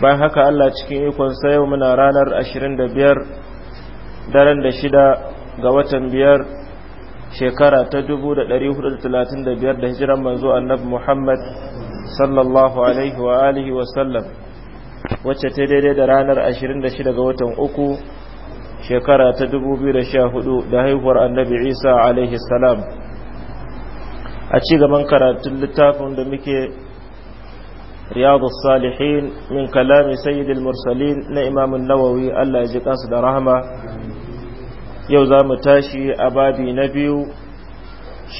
bayan haka Allah cikin ikonsa yau muna ranar 25 daren da shida ga watan biyar shekara ta 1435 da hijiran manzo annabi Muhammad sallallahu alaihi wa alihi wa sallam wacce ta daidai da ranar 26 ga watan uku shekara ta 2014 da haihuwar annabi Isa alaihi salam a ci gaban karatun littafin da muke رياض الصالحين من كلام سيد المرسلين نإمام النووي ألا يجي قصد رحمة يوزا متاشي أبابي نبيو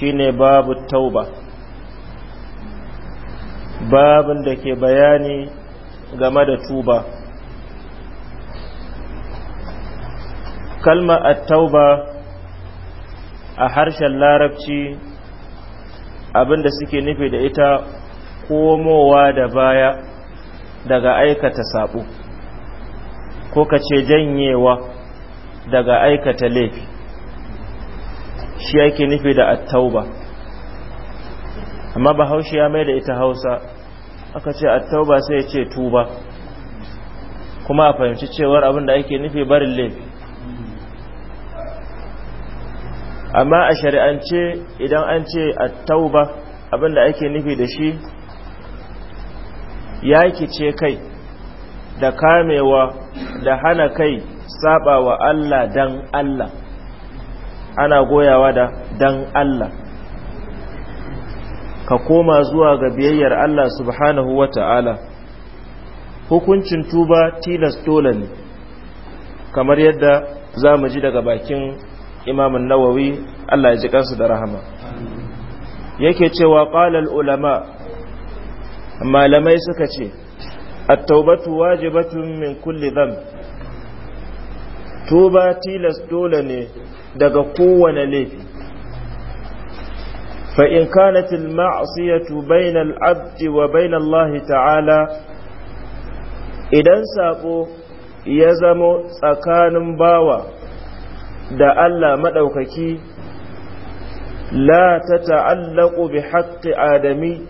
شين باب التوبة باب لك بياني غمد توبة كلمة التوبة أحرش اللاربتي abin da suke nufi da ita komowa da baya daga aikata sabo ko ka ce janyewa daga aikata laifi shi yake nufi da attauba amma bahaushe ya mai da ita hausa aka ce attauba sai ya ce tuba kuma a fahimci cewar abinda da ake nufi barin laifi amma a shari'ance idan an ce attauba abinda ake nufi da shi yakice kai da kamewa da hana kai saba wa Allah dan Allah ana goyawa da dan Allah ka koma zuwa ga biyayyar Allah subhanahu wa ta'ala hukuncin tuba tilas dole ne kamar yadda za mu ji daga bakin imamun nawawi Allah ya ji kansu da rahama yake cewa ƙalal ulama malamai suka ce attaubatu taubatu wajibatun min kulli dhanb tuba tilas dole ne daga kowane laifi fa in kanat al-ma'siyatu bayna al-'abdi wa bayna Allah ta'ala idan sako ya zamo tsakanin bawa da Allah madaukaki la ta bi haqqi adami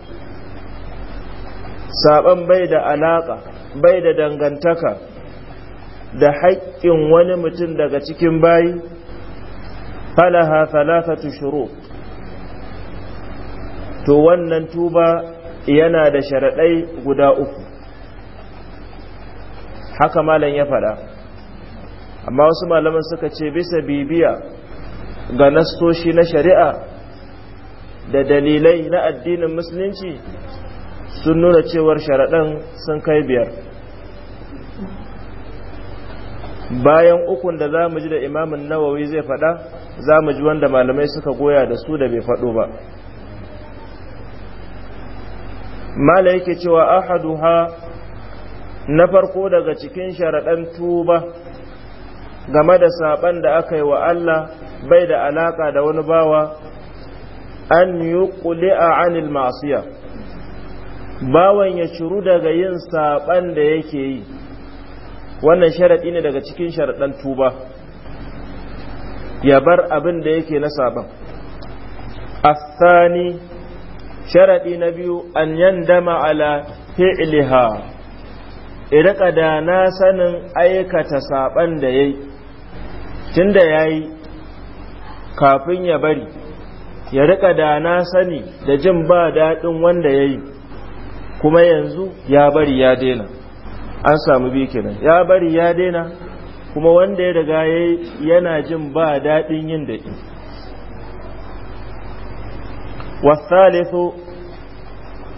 saban bai da alaƙa bai da dangantaka da haƙƙin wani mutum daga cikin bayi falaha thalathatu shuru to wannan tuba yana da sharaɗai guda uku haka malam ya faɗa amma wasu malaman suka ce bisa bibiya ga nastoshi na shari'a da dalilai na addinin musulunci sun nuna cewar sharaɗan sun kai biyar bayan ukun da za mu ji da imamin nawawi zai faɗa za mu ji wanda malamai suka goya da su da bai faɗo ba mala yake cewa ahadu Ha na farko daga cikin sharaɗan tuba game da saɓan da aka yi wa Allah bai da alaƙa da wani bawa an yi ƙuli'a anil yau bawan ya shuru daga yin saban da yake yi wannan sharaɗi ne daga cikin sharaɗan tuba ya bar abin da yake na saban asani sharaɗi na biyu an yandama ala fi'liha irka da na sanin aikata saban da yayi tunda yayi kafin ya bari ya riƙa da na sani da jin ba daɗin wanda ya yi kuma yanzu ya bari ya daina an samu bi kenan ya bari ya daina kuma wanda ya riga yana jin ba daɗin yin da ke wasalisu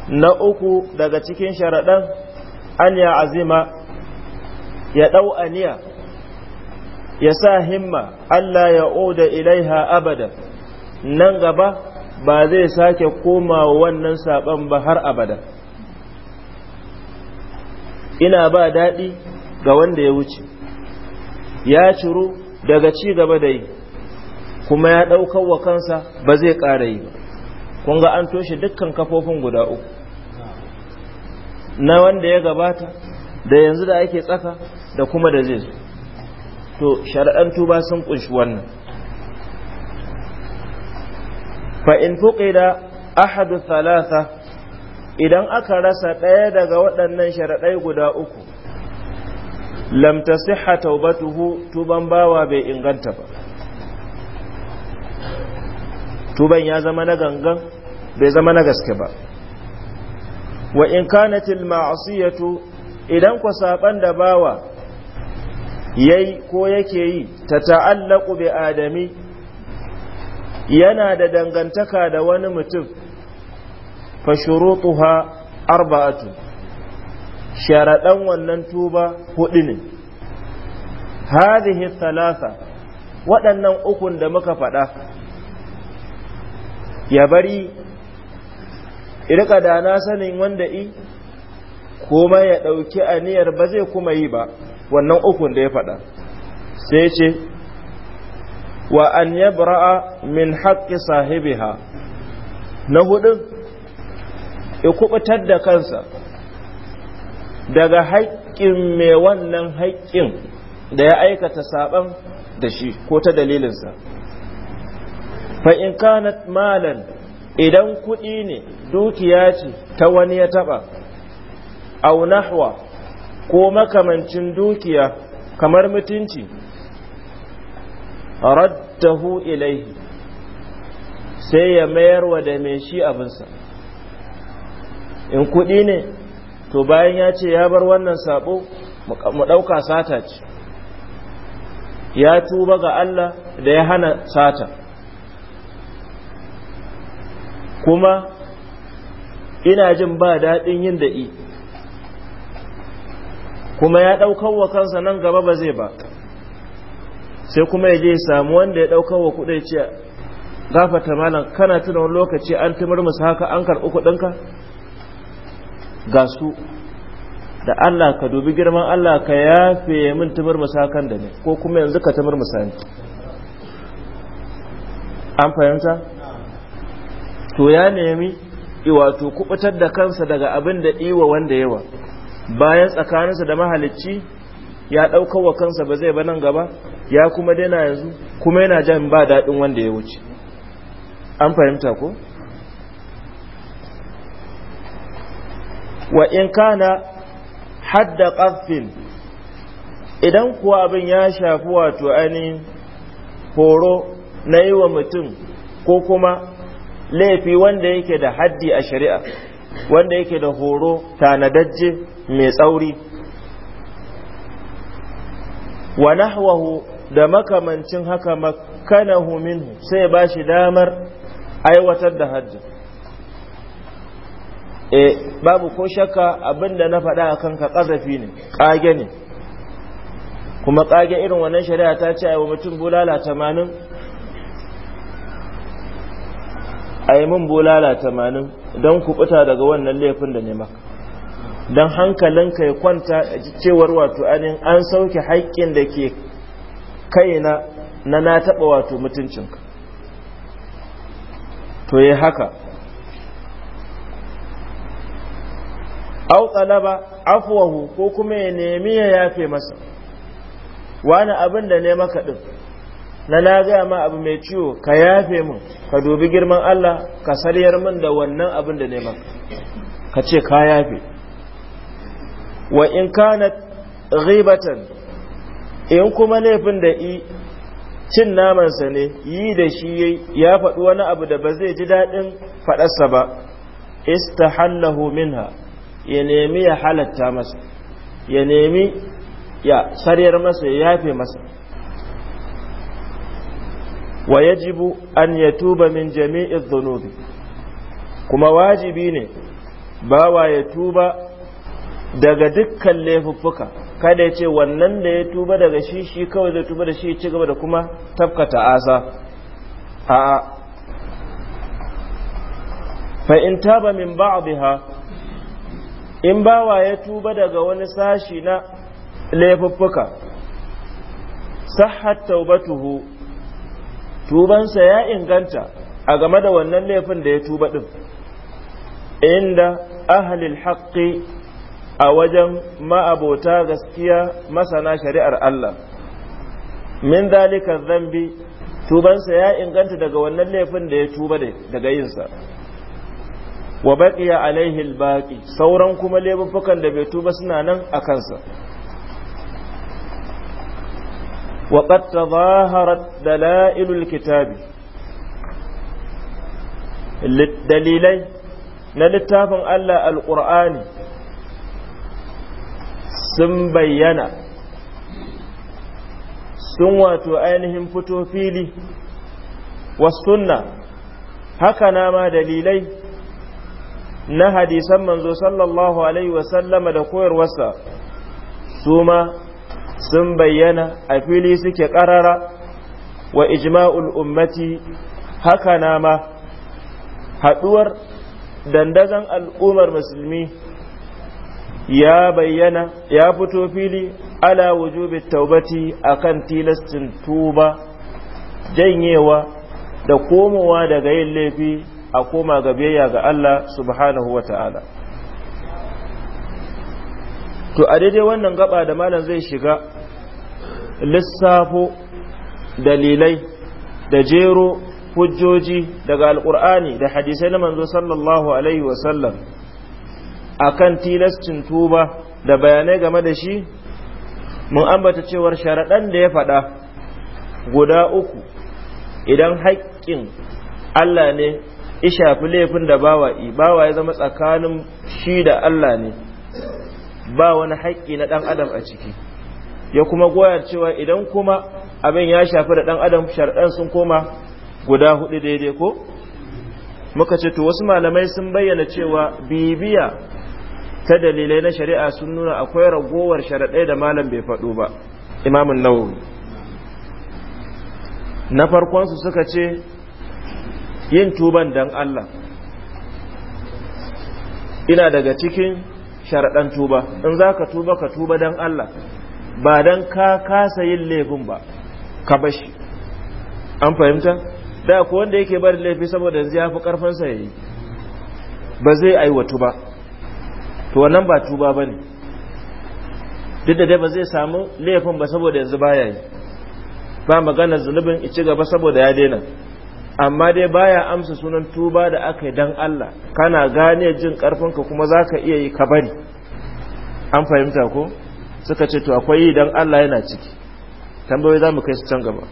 na uku daga cikin sharaɗan an ya azima ya ɗau aniya ya sa himma Allah ya oda ilaiha abada nan gaba ba zai sake komawa wannan saɓan ba har abada ina ba daɗi ga wanda ya wuce ya ciru daga ci gaba da yi kuma ya ɗaukar wa kansa ba zai ƙara yi ba kun ga an toshe dukkan kafofin guda uku na wanda ya gabata da yanzu da ake tsaka da kuma da zai zo to shari'an tuba sun kunshi wannan fa in fuqida ahadu thalatha idan aka rasa ɗaya daga waɗannan sharaɗai guda uku lam tasihha taubatuhu tuban bawa bai inganta ba tuban ya zama na gangan bai zama na gaske ba wa in kanatil ma'asiyatu idan ku saban da bawa yayi ko yake yi ta ta'allaku bi adami yana da dangantaka da wani mutum fashurutuha arba'atu sharaɗan wannan tuba hudu ne hadhihi thalatha waɗannan ukun da muka faɗa ya bari irka da na sanin wanda i kuma ya ɗauki aniyar ba zai kuma yi ba wannan ukun da ya faɗa sai ce wa an yabra'a min haƙƙi sahibiha na hudun ya kubutar da kansa daga haƙƙin mai wannan haƙƙin da ya aikata saɓan da shi ko ta dalilinsa fa'in kanat malan idan kuɗi ne dukiya ce ta wani ya taɓa au nahwa ko makamancin dukiya kamar mutunci raddahu ilaihi sai ya mayarwa da mai shi abinsa in kuɗi ne to bayan ya ce ya bar wannan sabo mu ɗauka sata ce ya tuba ga Allah da ya hana sata kuma ina jin ba daɗin yin i kuma ya ɗaukan wa kansa nan gaba ba zai ba sai kuma ya je samu wanda ya ɗaukan wa kuɗai ce gafata malam kana tuna lokaci an timar musu haka an karɓi kuɗinka ga su da Allah ka dubi girman Allah ka yafe min tumur musakan da ne ko kuma yanzu ka tumur musani an fahimta to ya nemi wato kubutar da kansa daga abin da iwa wanda yawa bayan tsakaninsa da mahalicci ya ɗaukar wa kansa ba zai ba nan gaba ya kuma daina yanzu kuma yana jan ba daɗin wanda ya wuce an fahimta ko? wa in kana hadda qaffin idan kuwa abin ya shafi wato ainihin horo na yi wa mutum ko kuma laifi wanda yake da haddi a shari'a wanda yake da horo tanadajje mai tsauri wa nahwahu da makamancin haka makanahu minhu sai ba shi damar aiwatar da hajji e babu ko shakka abinda na faɗa a kanka ƙazafi ne ƙage ne kuma ƙage irin wannan shari'a ta ce a wa mutum bulala tamanin a yi min bulala tamanin don kuɓuta daga wannan laifin da ne maka don hankalinka ya kwanta cewar wato anin an sauke haƙƙin da ke kai na na taɓa wato mutuncinka to yi haka au talaba afwahu ko kuma ya nemi ya yafe masa wani abin da ne maka din na na gaya ma abu mai ciwo ka yafe mun ka dubi girman Allah ka sariyar mun da wannan abin da ne maka ka ce ka yafe wa in kanat ghibatan in kuma laifin da i cin namansa ne yi da shi ya faɗi wani abu da ba zai ji daɗin faɗarsa ba istahallahu minha ya nemi ya halatta masa ya nemi ya sariyar masa ya yafe masa wa yajibu an ya tuba min jami'in zunubi kuma wajibi ne bawa ya tuba daga dukkan laifuffuka kada ya ce wannan da ya tuba daga shi shi kawai zai tuba da shi ci gaba da kuma tafkata asa a fa in taba min ba'dha in bawa ya tuba daga wani sashi na laifuffuka sahhat taubatuhu tubansa ya inganta a game da wannan laifin da ya tuba din inda ahalil haƙƙi a wajen ma'abota gaskiya masana shari'ar Allah min dalika zambi tubansa ya inganta daga wannan laifin da ya tuba daga yinsa wa baqiya alaihi albaqi sauran kuma laifukan da bai tuba suna nan a kansa wa qad tadhaharat dalailul kitabi dalilai na littafin Allah alqur'ani sun bayyana sun wato ainihin fito fili wasunna haka nama dalilai na hadisan manzo sallallahu alaihi wasallama da koyarwarsa su ma sun bayyana a fili suke ƙarara wa ijma'ul ummati haka na ma haɗuwar dandazon al'ummar musulmi ya bayyana ya fito fili ala wujubi taubati akan tilastin tuba janyewa da komowa daga yin laifi a koma ga biyayya ga Allah subhanahu wa ta’ala. to a daidai wannan gaba da malam zai shiga lissafo dalilai da jero hujjoji daga alkur'ani da hadisai na manzo sallallahu alaihi wasallam akan tilascin tuba da bayanai game da shi mun ambata cewar sharaɗan da ya faɗa guda uku idan haƙƙin Allah ne ya shafi laifin da bawa bawa ya zama tsakanin shi da Allah ne ba wani haƙƙi na ɗan adam a ciki ya kuma goya cewa idan kuma abin ya shafi da ɗan adam sharɗan sun koma guda hudu daidai ko muka ce to wasu malamai sun bayyana cewa bibiya ta dalilai na shari'a sun nuna akwai ragowar sharaɗai da malam bai faɗo ba imamun nawawi na farkonsu suka ce yin tuban dan Allah ina daga cikin sharaɗan tuba in za ka tuba ka tuba dan Allah ba dan ka kasa yin laifin ba ka bashi an fahimta da ko wanda yake bari laifi saboda yanzu ya fi ƙarfansa ya yi ba zai aiwatu ba to wannan ba tuba ba ne duk da dai ba zai samu laifin ba saboda yanzu baya yi ba maganar zunubin ci gaba saboda ya daina amma dai baya amsa sunan tuba da aka yi don Allah kana gane jin karfinka kuma za ka iya yi ka bari an fahimta ko suka ce to akwai yi don Allah yana ciki tambayoyi za mu kai su can gaba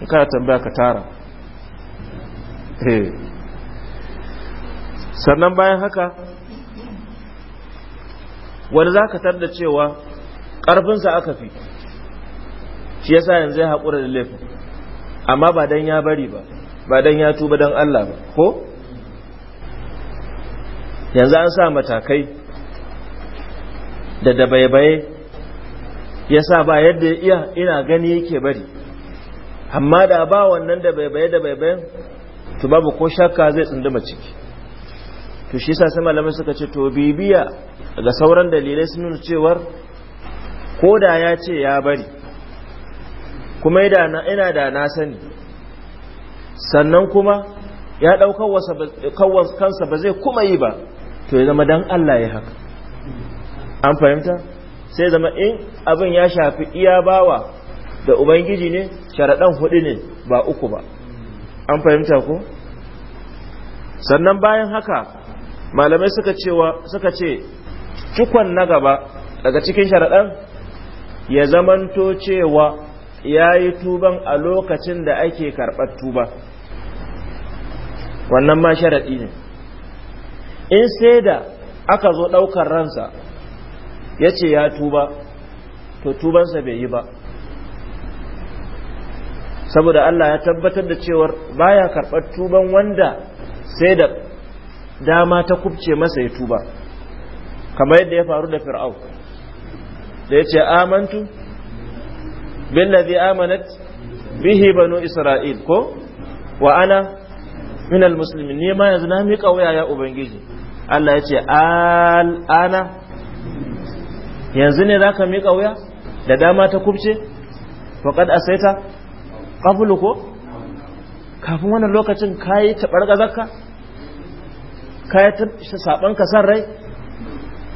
in kana tambaya ka tara eh. sannan bayan haka wani za ka tar da cewa ƙarfinsa aka fi shi yasa yanzu ya haƙura da laifin amma ba don ya bari ba ba dan ya tuba dan Allah ba ko yanzu an sa matakai da dabaibaye ya sa ba yadda iya ina gani yake bari amma da ba wannan dabaibaye dabaibayen to babu ko shakka zai tsunduma ciki to shi sa sai malamai suka ce to bibiya ga sauran dalilai sun nuna cewar ko da ya ce ya bari kuma ina da na sani sannan kuma ya ɗaukar kansa ba zai kuma yi ba to ya zama don Allah ya haka an fahimta sai zama in abin ya shafi iya bawa da ubangiji ne sharaɗan hudu ne ba uku ba an fahimta ko sannan bayan haka malamai suka suka ce cikon na gaba daga cikin sharaɗan ya zamanto cewa ya yi tuban a lokacin da ake karɓar tuba wannan ma sharaɗi ne in sai da aka zo ɗaukar ransa ya ce ya tuba to tubansa bai yi ba saboda Allah ya tabbatar da cewar baya karɓar tuban wanda sai da dama ta kubce masa ya tuba kamar yadda ya faru da fir'au da ya ce amantu billazi amanat bihi banu isra'il ko wa ana min ne ma yanzu na miƙa wuya ya ubangiji Allah ya ce al'ana yanzu ne zaka miƙa wuya da dama ta kubce wa qad asaita qablu ko kafin wannan lokacin kai ta bargazarka kai ta saban ka san rai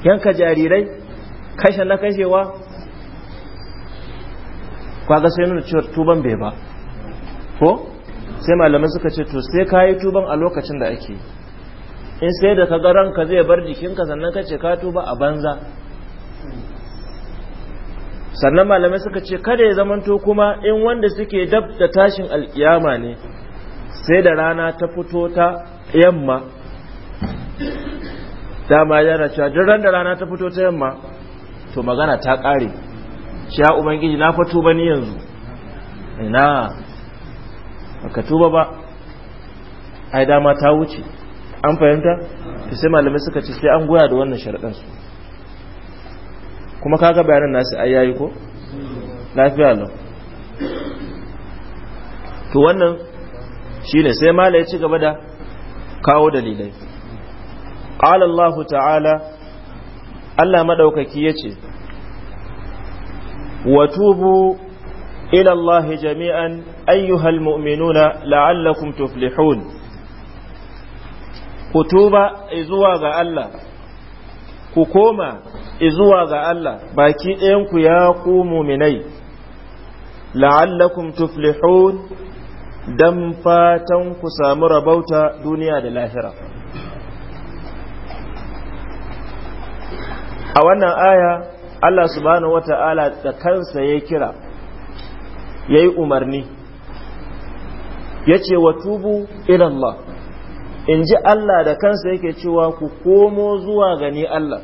yanka jarirai kashe na kashewa kwaga sai nuna cewa tuban bai ba ko sai malamai suka ce to sai ka yi tuban a lokacin da ake in sai da ka garan ka zai bar jikinka sannan ka ce ka tuba a banza sannan malamai suka ce kada ya zamanto kuma in wanda suke dab da tashin alkiyama ne sai da rana ta fito ta yamma dama yana cewa duk ran rana ta fito ta yamma to magana ta ƙare shi ya ubangiji na fato ba ni yanzu ina baka tuba ba ai dama ta wuce an fahimta to sai malamai suka ce sai an goya da wannan sharaɗin su kuma kaga bayanan nasu ai yayi ko lafiya lau to wannan shine sai malai ya ci gaba da kawo dalilai qala Allah ta'ala Allah madaukaki yace وتوبوا إلى الله جميعا أيها المؤمنون لعلكم تفلحون كتوبة إزواغ الله كوكوما إزواغ الله باكي إنكو ياقو مؤمني لعلكم تفلحون دم فاتنكو سامر بوتا دنيا للاهرة a wannan aya Allah subhanahu ta'ala da kansa ya kira ya yi umarni ya ce wa tubu ilallah in ji Allah da kansa yake cewa ku komo zuwa gani Allah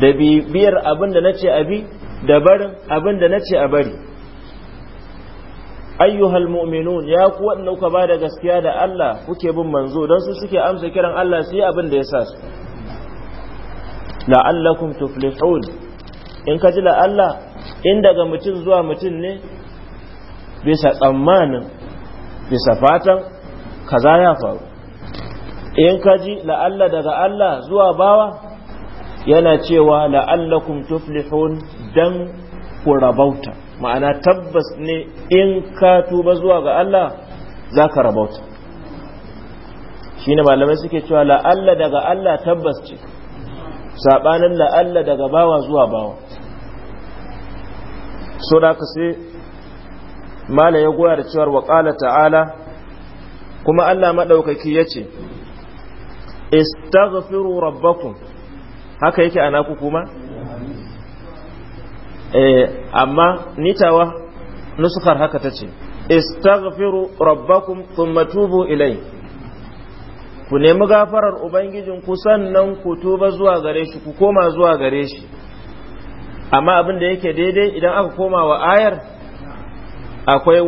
da bibiyar abin da na ce abi da barin abin da na ce a bari ayyuhal mu'minun ya ku waɗanda kuka ba da gaskiya da Allah kuke bin manzo don su suke amsa kiran Allah su yi abin da ya sa su la'allakum tuflihun in ka ji la'alla in daga mutum zuwa mutum ne bisa tsammanin bisa fatan kaza ya faru in ka ji la'alla daga Allah zuwa bawa yana cewa la'allakum tuflihun dan ku rabauta ma'ana tabbas ne in ka tuba zuwa ga Allah za ka rabauta Shi ne malamai suke cewa la'alla daga Allah tabbas ce Saɓanin la'alla daga bawa zuwa bawa so da sai mala ya goya da cewar waƙala ta'ala kuma Allah maɗaukaki ya ce istaghfiru rabbakum haka yake ana ku kuma eh, amma nitawa nusukar haka tace istaghfiru rabbakum thumma tubu ilayhi ku nemi gafarar ubangijin ku sannan ku tuba zuwa gare shi ku koma zuwa gare shi amma abin da yake daidai idan aka koma wa ayar akwai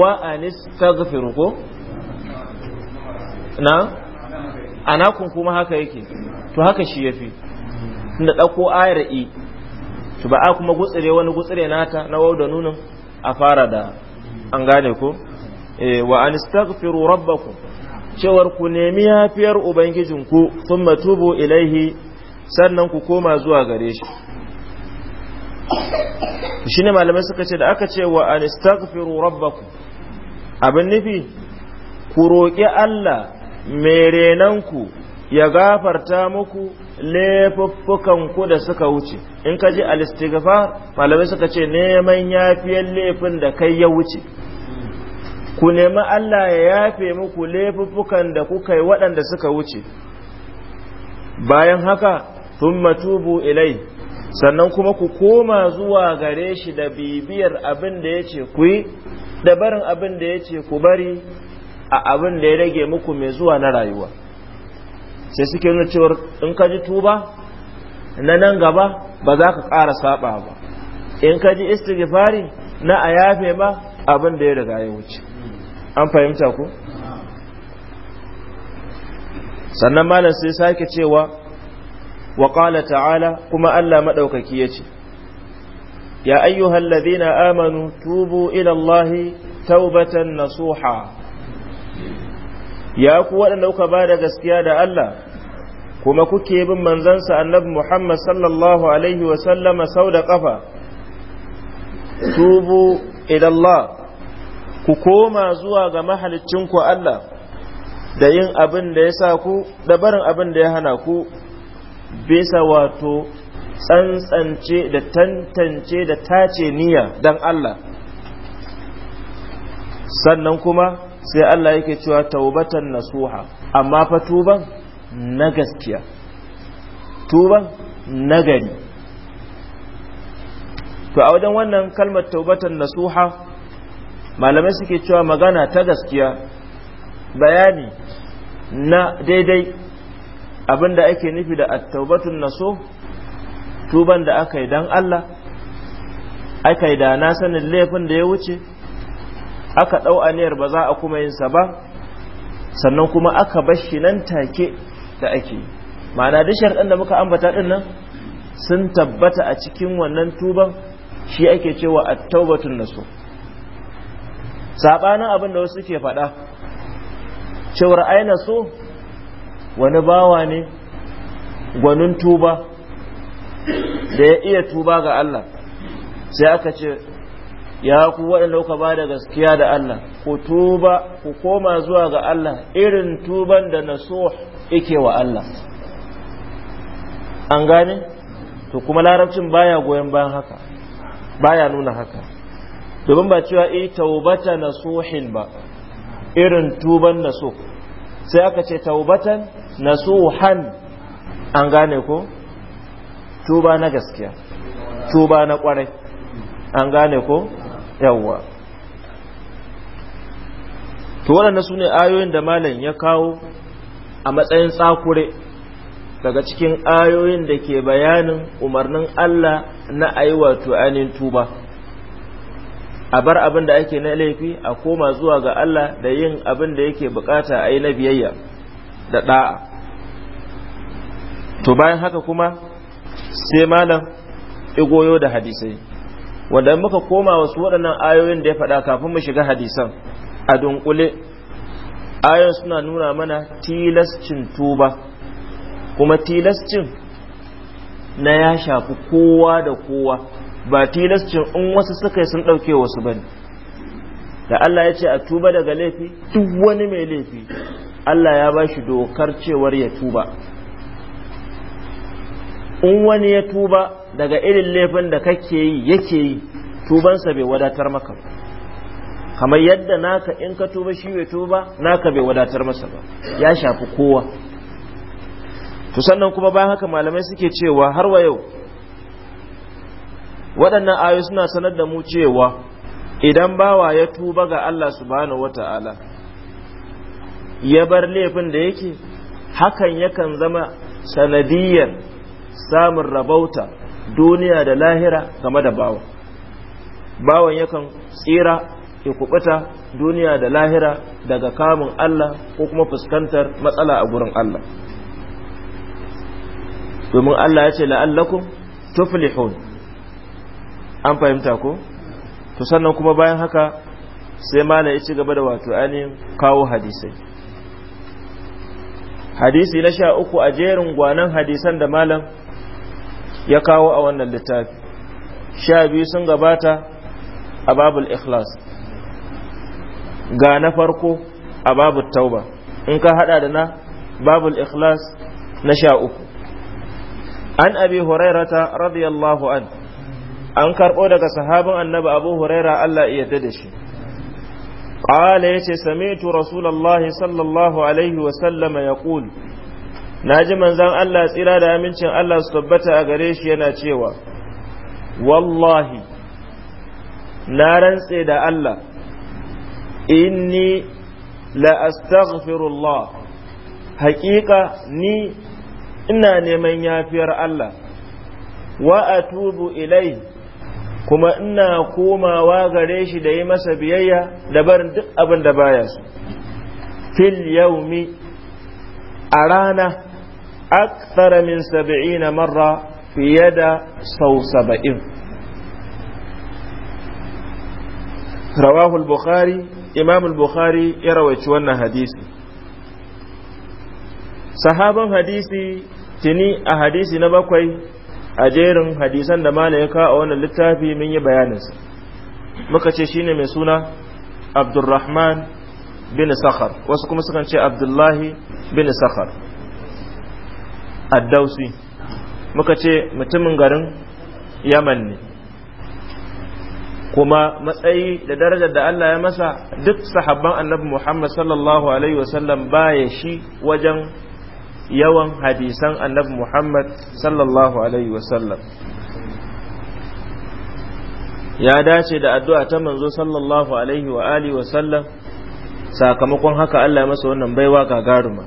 wa anis taghfiru ko na kun kuma haka yake to haka shi yafi tunda dauko ayar i to ba a kuma gutsire wani gutsire nata na wau da nunin a fara da an gane ko eh, wa an istaghfiru rabbakum cewar ku nemi yafiyar ubangijinku sun matubu ilaihi sannan ku koma zuwa gare shi shi ne malamai suka ce da aka ce wa an istagfiru rabbaku abin nufi ku roƙi Allah mai renanku ya gafarta muku laifuffukanku da suka wuce in ka ji al malamai suka ce neman yafiyar laifin da kai ya wuce ku nemi Allah ya yafe muku laifuffukan da kuka yi waɗanda suka wuce bayan haka tun matubu ilai sannan kuma ku koma zuwa gare shi da bibiyar abin da ya ce ku yi da barin abin da ya ce ku bari a abin da ya rage muku mai zuwa na rayuwa sai suke nuna cewar in ka ji tuba na nan gaba ba za ka ƙara saba ba in ka ji istighfari na a yafe ma abin da ya riga ya wuce an fahimta ko sannan malam sai sake cewa wa ta'ala kuma Allah ya ce ya ayyuhal ladhina amanu tubu ila Allahi taubatan nasuha ya ku waɗanda kuka ba da gaskiya da Allah kuma kuke bin manzansa annabi Muhammad sallallahu alaihi wa sallama sau da ƙafa tubu ila ku koma zuwa ga ku Allah da yin abin da ya sa ku da barin abin da ya hana ku bisa wato tsantsance da tantance da tace niyya don Allah sannan kuma sai Allah yake cewa taubatan nasuha amma fa tuban na gaskiya tuban nagari to a wajen wannan kalmar taubatan nasuha malamai suke cewa magana ta gaskiya bayani na daidai abinda ake nufi da attaubatun naso tuban da aka yi don Allah aka yi da na sanin laifin da ya wuce aka ɗau aniyar ba za a kuma yin sa ba sannan kuma aka bashi nan take da ake yi ma'ana duk sharɗan da muka ambata ɗin nan sun tabbata a cikin wannan tuban shi ake cewa attaubatun naso sabanin abin da wasu ke faɗa cewar aina so wani bawa ne gwanin tuba da ya iya tuba ga Allah sai aka ce ya ku waɗanda kuka ba da gaskiya da Allah ku tuba ku koma zuwa ga Allah irin tuban da na so ike wa Allah an gane to kuma larabcin baya goyon bayan haka baya nuna haka ban ba cewa eh taubata nasuhin ba irin tuban naso sai aka ce taubatan nasuhan an gane ko tuba na gaskiya tuba na kwarai an gane ko yawwa to waɗanda su ne ayoyin da malam ya kawo a matsayin tsakure daga cikin ayoyin da ke bayanin umarnin Allah na ayi wato ainihin tuba a bar abin da ake na laifi a koma zuwa ga Allah da yin abin da yake bukata a yi na biyayya da ɗa'a to bayan haka kuma sai malam igoyo da hadisai wanda muka koma wasu waɗannan ayoyin da ya faɗa kafin mu shiga hadisan a dunkule ayoyin suna nuna mana tilascin tuba kuma tilascin na ya shafi kowa da kowa ba tilascin in wasu suka sun ɗauke wasu bane da Allah ya ce a tuba daga laifi duk wani mai laifi Allah ya ba shi dokar cewar ya tuba in wani ya tuba daga irin laifin da kake yi yake yi tubansa bai wadatar maka kamar yadda naka in ka tuba shi bai tuba naka bai wadatar masa ba ya shafi kowa to sannan kuma ba haka malamai suke cewa har wa yau waɗannan ayoyi suna sanar da mu cewa idan bawa ya tuba ga Allah subhanahu wata'ala ya bar laifin da yake hakan yakan zama sanadiyar samun rabauta duniya da lahira game da bawa bawan yakan tsira ya kubuta duniya da lahira daga kamun Allah ko kuma fuskantar matsala a gurin Allah domin Allah ya ce la'allakum tuflihun an fahimta ko to sannan kuma bayan haka sai mala ya ci gaba da wato ainihin kawo hadisai hadisi na sha uku a jerin gwanan hadisan da malam ya kawo a wannan littafi sha biyu sun gabata a babul ikhlas ga na farko a babul tauba in ka hada da na babul ikhlas na sha uku an abi hurairata radiyallahu anhu an karɓo daga sahabin annabi abu huraira Allah iya da shi ƙala ya ce samitu rasulallahi sallallahu alaihi sallama ya ƙul na ji manzan Allah tsira da amincin Allah su tabbata a gare shi yana cewa wallahi na rantse da Allah inni la astaghfirullah haƙiƙa ni ina neman yafiyar Allah wa atubu ilai kuma ina komawa gare shi da yi masa biyayya da barin duk abin da baya su fil yaumi a rana aktara min na marra fiye da sau saba'in rawahul bukhari imamul bukhari ya rawaici wannan hadisi sahaban hadisi tuni a hadisi na bakwai a jerin hadisan da mala ya kawo a wannan littafi mun yi bayaninsa muka ce shine mai suna abdurrahman bin sakhar wasu kuma sukan ce abdullahi bin sakhar addausi muka ce mutumin garin yaman ne kuma matsayi da darajar da Allah ya masa duk sahabban annabi Muhammad sallallahu alaihi wasallam baya shi wajen yawan hadisan annabi Muhammad sallallahu alaihi wasallam ya dace da addu'a ta manzo sallallahu alaihi wa alihi wasallam sakamakon haka Allah masa wannan baiwa gagaruma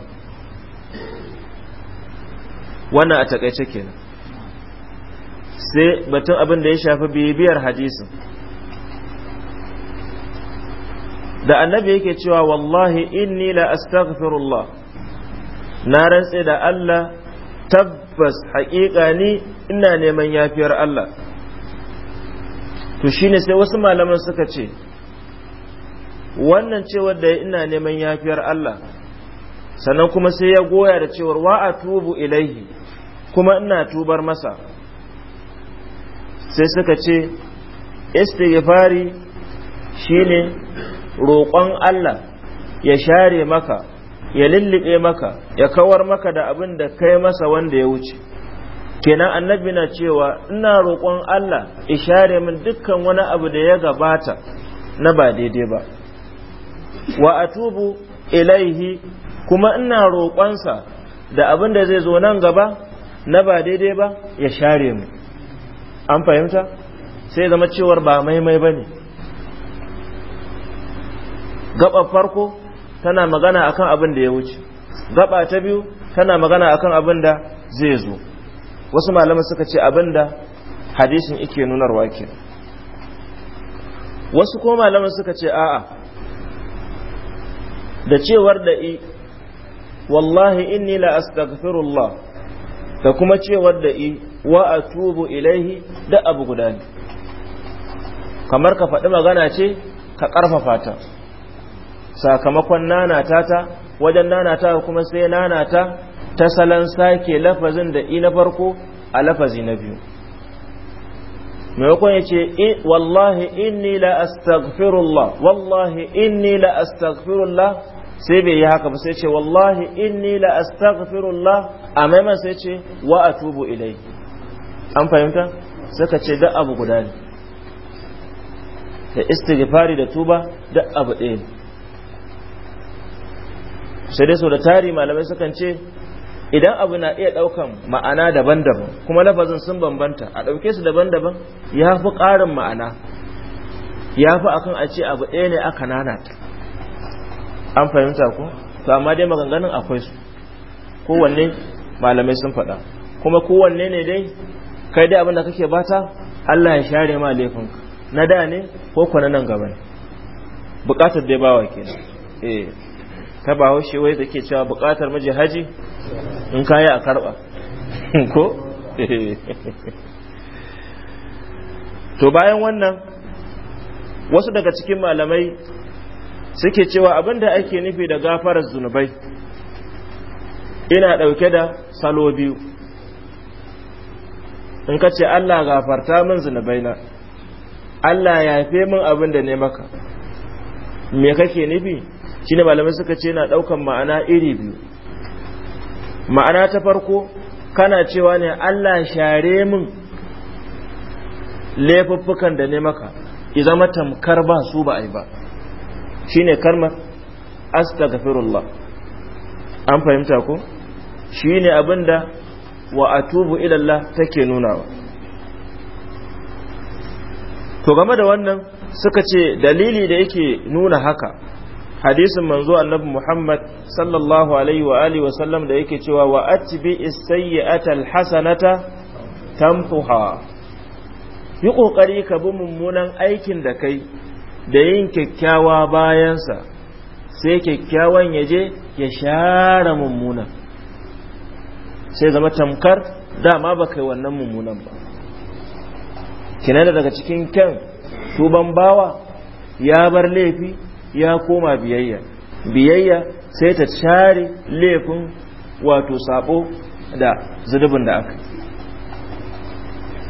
wannan a takaice kenan sai batun abin da ya shafi bibiyar hadisin da annabi yake cewa wallahi inni la astaghfirullah na rantse da Allah tabbas haƙiƙa ni ina neman yafiyar Allah to shine sai wasu malaman suka ce wannan cewar da ina neman yafiyar Allah sannan kuma sai ya goya da cewar wa a tubu ilaihi kuma ina tubar masa sai suka ce istighfari shine roƙon Allah ya share maka ya lullube maka ya kawar maka da abin da kai masa wanda ya wuce kenan annabi na cewa ina roƙon Allah ishare min dukkan wani abu da ya gabata na ba daidai ba wa atubu ilaihi kuma ina roƙonsa da abin da zai zo nan gaba na ba daidai ba ya share mu an fahimta sai zama cewar ba maimai ba ne Gaba farko tana magana akan abin da ya wuce gaba ta biyu tana magana akan abin da zai zo wasu malamai suka ce abin da hadisin ike nunarwa ke wasu ko malama suka ce a'a da cewar da i wallahi inni la astaghfirullah da kuma cewar da i wa atubu ilaihi da abu guda kamar ka faɗi magana ce ka ƙarfafa ta sakamakon nanata ta wajen nanata kuma sai nanata ta salon sake lafazin da i na farko a lafazi na biyu maimakon ya ce wallahi inni la astaghfirullah wallahi inni la astaghfirullah sai bai yi haka ba sai ce wallahi inni la astaghfirullah a maimakon sai ce wa a tubu ilai an fahimta suka ce da abu guda ne da istighfari da tuba da abu ɗaya sai dai sau da tari malamai sukan ce idan abu na iya ɗaukan ma'ana daban-daban kuma lafazin sun bambanta a ɗauke su daban-daban ya fi ƙarin ma'ana ya fi akan a ce abu ɗaya ne aka ta an fahimta ko to amma dai maganganun akwai su kowanne malamai sun faɗa kuma kowanne ne dai kai dai abin da kake bata Allah ya share ma laifinka na da ne ko kwana nan gaba ne bukatar dai bawa kenan eh ta ba haushe wai da ke cewa bukatar miji haji in kayi a karba ko to bayan wannan wasu daga cikin malamai suke cewa abinda ake nufi da gafarar zunubai ina ɗauke da salo biyu in ka ce Allah gafarta min zunubai na? Allah ya fi min abin da ne maka me kake nufi ne malamai suka ce yana daukan ma'ana iri biyu ma'ana ta farko kana cewa ne Allah share min laifuffukan da ne maka iza zama tamkar ba su ba ai ba shine karmar astaghfirullah an fahimta ko shine abinda wa atubu ila Allah take nunawa to game da wannan suka ce dalili da yake nuna haka hadisin manzo annabi Muhammad sallallahu alaihi wa alihi wa sallam da yake cewa wa atbi as-sayyi'ata al-hasanata tamfuha yi kokari ka bi mummunan aikin da kai da yin kyakkyawa bayansa sai kyakkyawan ya je ya share mummunan sai zama tamkar dama ba kai wannan mummunan ba da daga cikin kyan tuban bawa ya bar laifi ya koma biyayya biyayya sai ta share laifin wato sabo da zunubin da aka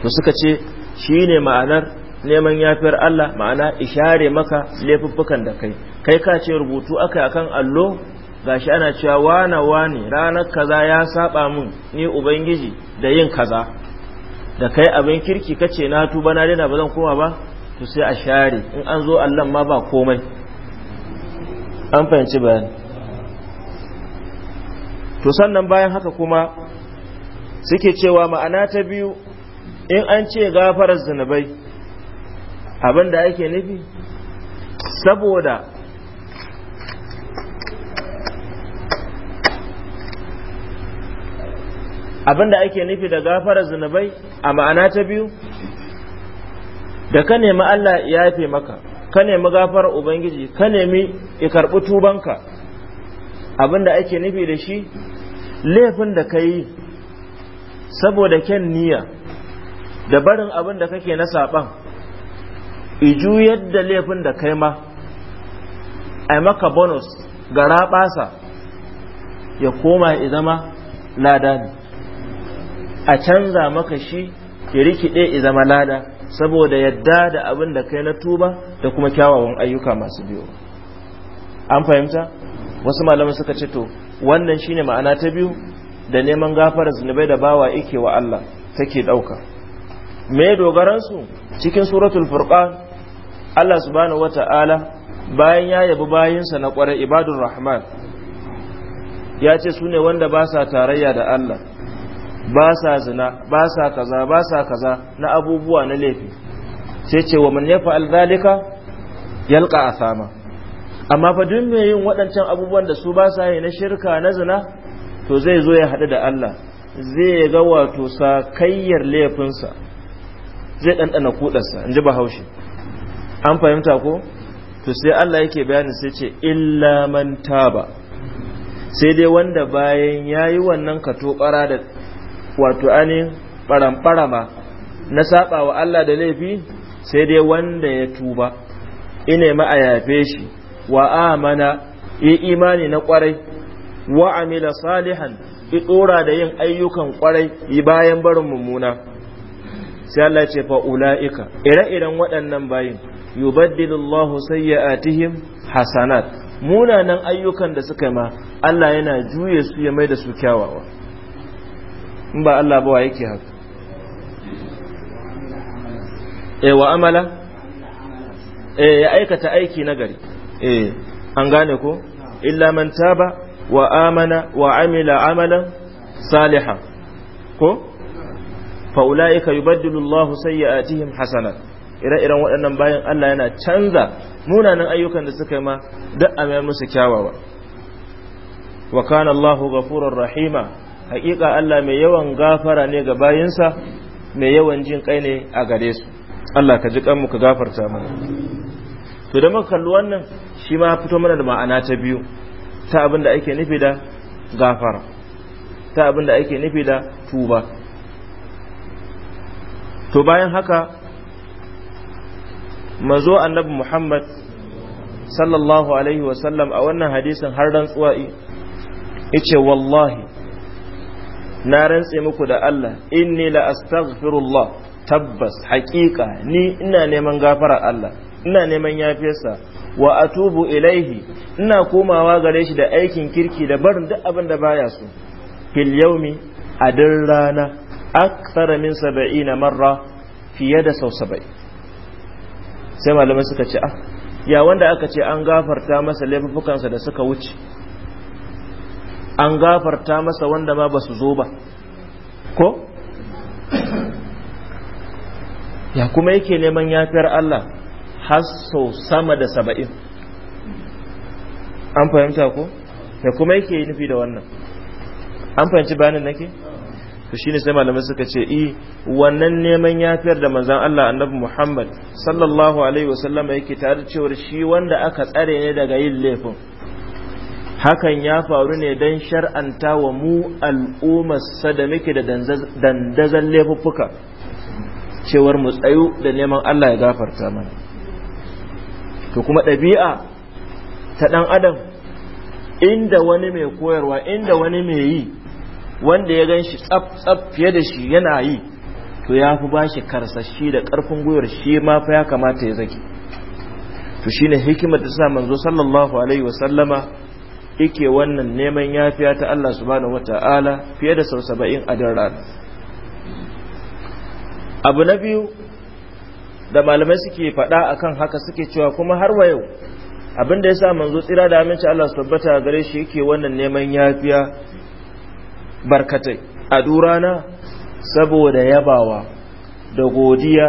to suka ce shine ma'anar neman yafiyar Allah ma'ana ishare maka laifuffukan da kai kai ka ce rubutu aka akan allo gashi ana cewa wana wane ranar kaza ya saba mun ni ubangiji da yin kaza da kai abin kirki kace na tuba na daina ba zan koma ba to sai a share in an zo Allah ma ba komai an fahimci bayan. to sannan bayan haka kuma suke cewa ma'ana ta biyu in an ce gafarar zunubai abin ake nufi saboda abin da ake nufi da gafarar zunubai a ma'ana ta biyu da ka nemi Allah ya yafe maka ka nemi gafar ubangiji ka nemi ya karɓi tubanka abin da ake nufi da shi laifin da ka yi saboda kyan niyya da barin abin da kake na saɓan iju yadda laifin da kai ma a maka bonus ga raɓasa ya koma ya zama lada ne a canza maka shi ya rikide ya zama lada saboda yadda da abin da kai na tuba da kuma kyawawan ayyuka masu biyu. an fahimta wasu malamai suka ce to wannan shine ma'ana ta biyu da neman gafara zunubai da bawa yake wa Allah take dauka me dogaran su cikin suratul furqan Allah subhanahu wata'ala bayan ya yabi bayinsa na kwarai ibadur rahman ya ce su wanda ba sa tarayya da Allah ba sa zina ba sa kaza ba sa kaza na abubuwa na laifi sai ce wa man yafa'al zalika yalqa asama amma fa duk mai yin waɗancan abubuwan da su ba sa yi na shirka na zina to zai zo ya haɗu da Allah zai ga wato sakayyar laifinsa zai ɗanɗana kuɗarsa in ji bahaushe an fahimta ko to sai Allah yake bayani sai ce illa man taba sai dai wanda bayan yayi wannan katokara da wato faramfara ɓaramɓarama na saba wa Allah da laifi sai dai wanda ya tuba ina ma a yafe shi wa amana yi imani na kwarai wa amila salihan yi tsora da yin ayyukan kwarai yi bayan barin mummuna sai Allah ce fa ula'ika ire-iren waɗannan bayin yubaddilullahu sayyi'atihim hasanat munanan ayyukan da suka ma Allah yana juye su ya mai da su kyawawa in ba Allah ba wa yake haka eh wa amala eh ya aikata aiki na gari eh an gane ko illa man taba wa amana wa amila amalan salihan ko fa ulaika yubaddilu Allahu sayyi'atihim hasanat ire-iren waɗannan bayan Allah yana canza munanan ayyukan da suka yi ma da amayar musu kyawawa wa kana Allahu ghafurur rahima hakika Allah mai yawan gafara ne ga bayinsa mai yawan jin kai ne a gare su Allah ka ji kanmu ka gafarta mana to da muka kalli wannan shi ma fito mana da ma'ana ta biyu ta abin da ake nufi da gafara ta abin da ake nufi da tuba to bayan haka mazo annabi Muhammad sallallahu alaihi wa sallam, a wannan hadisin har rantsuwa yace wallahi na rantse muku da Allah inni la astaghfirullah tabbas haƙiƙa ni ina neman gafara Allah ina neman yafesa wa atubu ilaihi ina komawa gare shi da aikin kirki da barin duk abin da baya so fil yaumi a din rana akthar min 70 marra fiye da sau 70 sai malamai suka ce ah ya wanda aka ce an gafarta masa laifukansa da suka wuce an gafarta masa wanda ma ba su zo ba ko ya kuma yake neman yafiyar Allah har sau sama da saba'in an fahimta ko ya kuma yake nufi da wannan an fahimci bayanin nake to shine sai malamai suka ce i eh, wannan neman yafiyar da manzon Allah annabi Muhammad sallallahu alaihi wasallam yake tare da cewa shi wanda aka tsare ne daga yin laifin hakan ya faru ne don shar'anta wa mu al'ummarsa da muke da dandazan laifuffuka cewar mu tsayu da neman Allah ya gafarta mana to kuma ɗabi'a ta ɗan adam inda wani mai koyarwa inda wani mai yi wanda ya ganshi shi tsaf fiye da shi yana yi to ya fi ba karsashi da ƙarfin gwiwar shi ma fa ya kamata ya zaki to shine hikimar da sa manzo sallallahu alaihi wasallama yake wannan neman yafiya ta Allah subhanahu wata'ala fiye da sau saba'in a dan abu na biyu da malamai suke faɗa akan haka suke cewa kuma har wa yau abin da ya sa manzo tsira da aminci Allah su tabbata gare shi yake wannan neman yafiya barkatai a durana saboda yabawa da godiya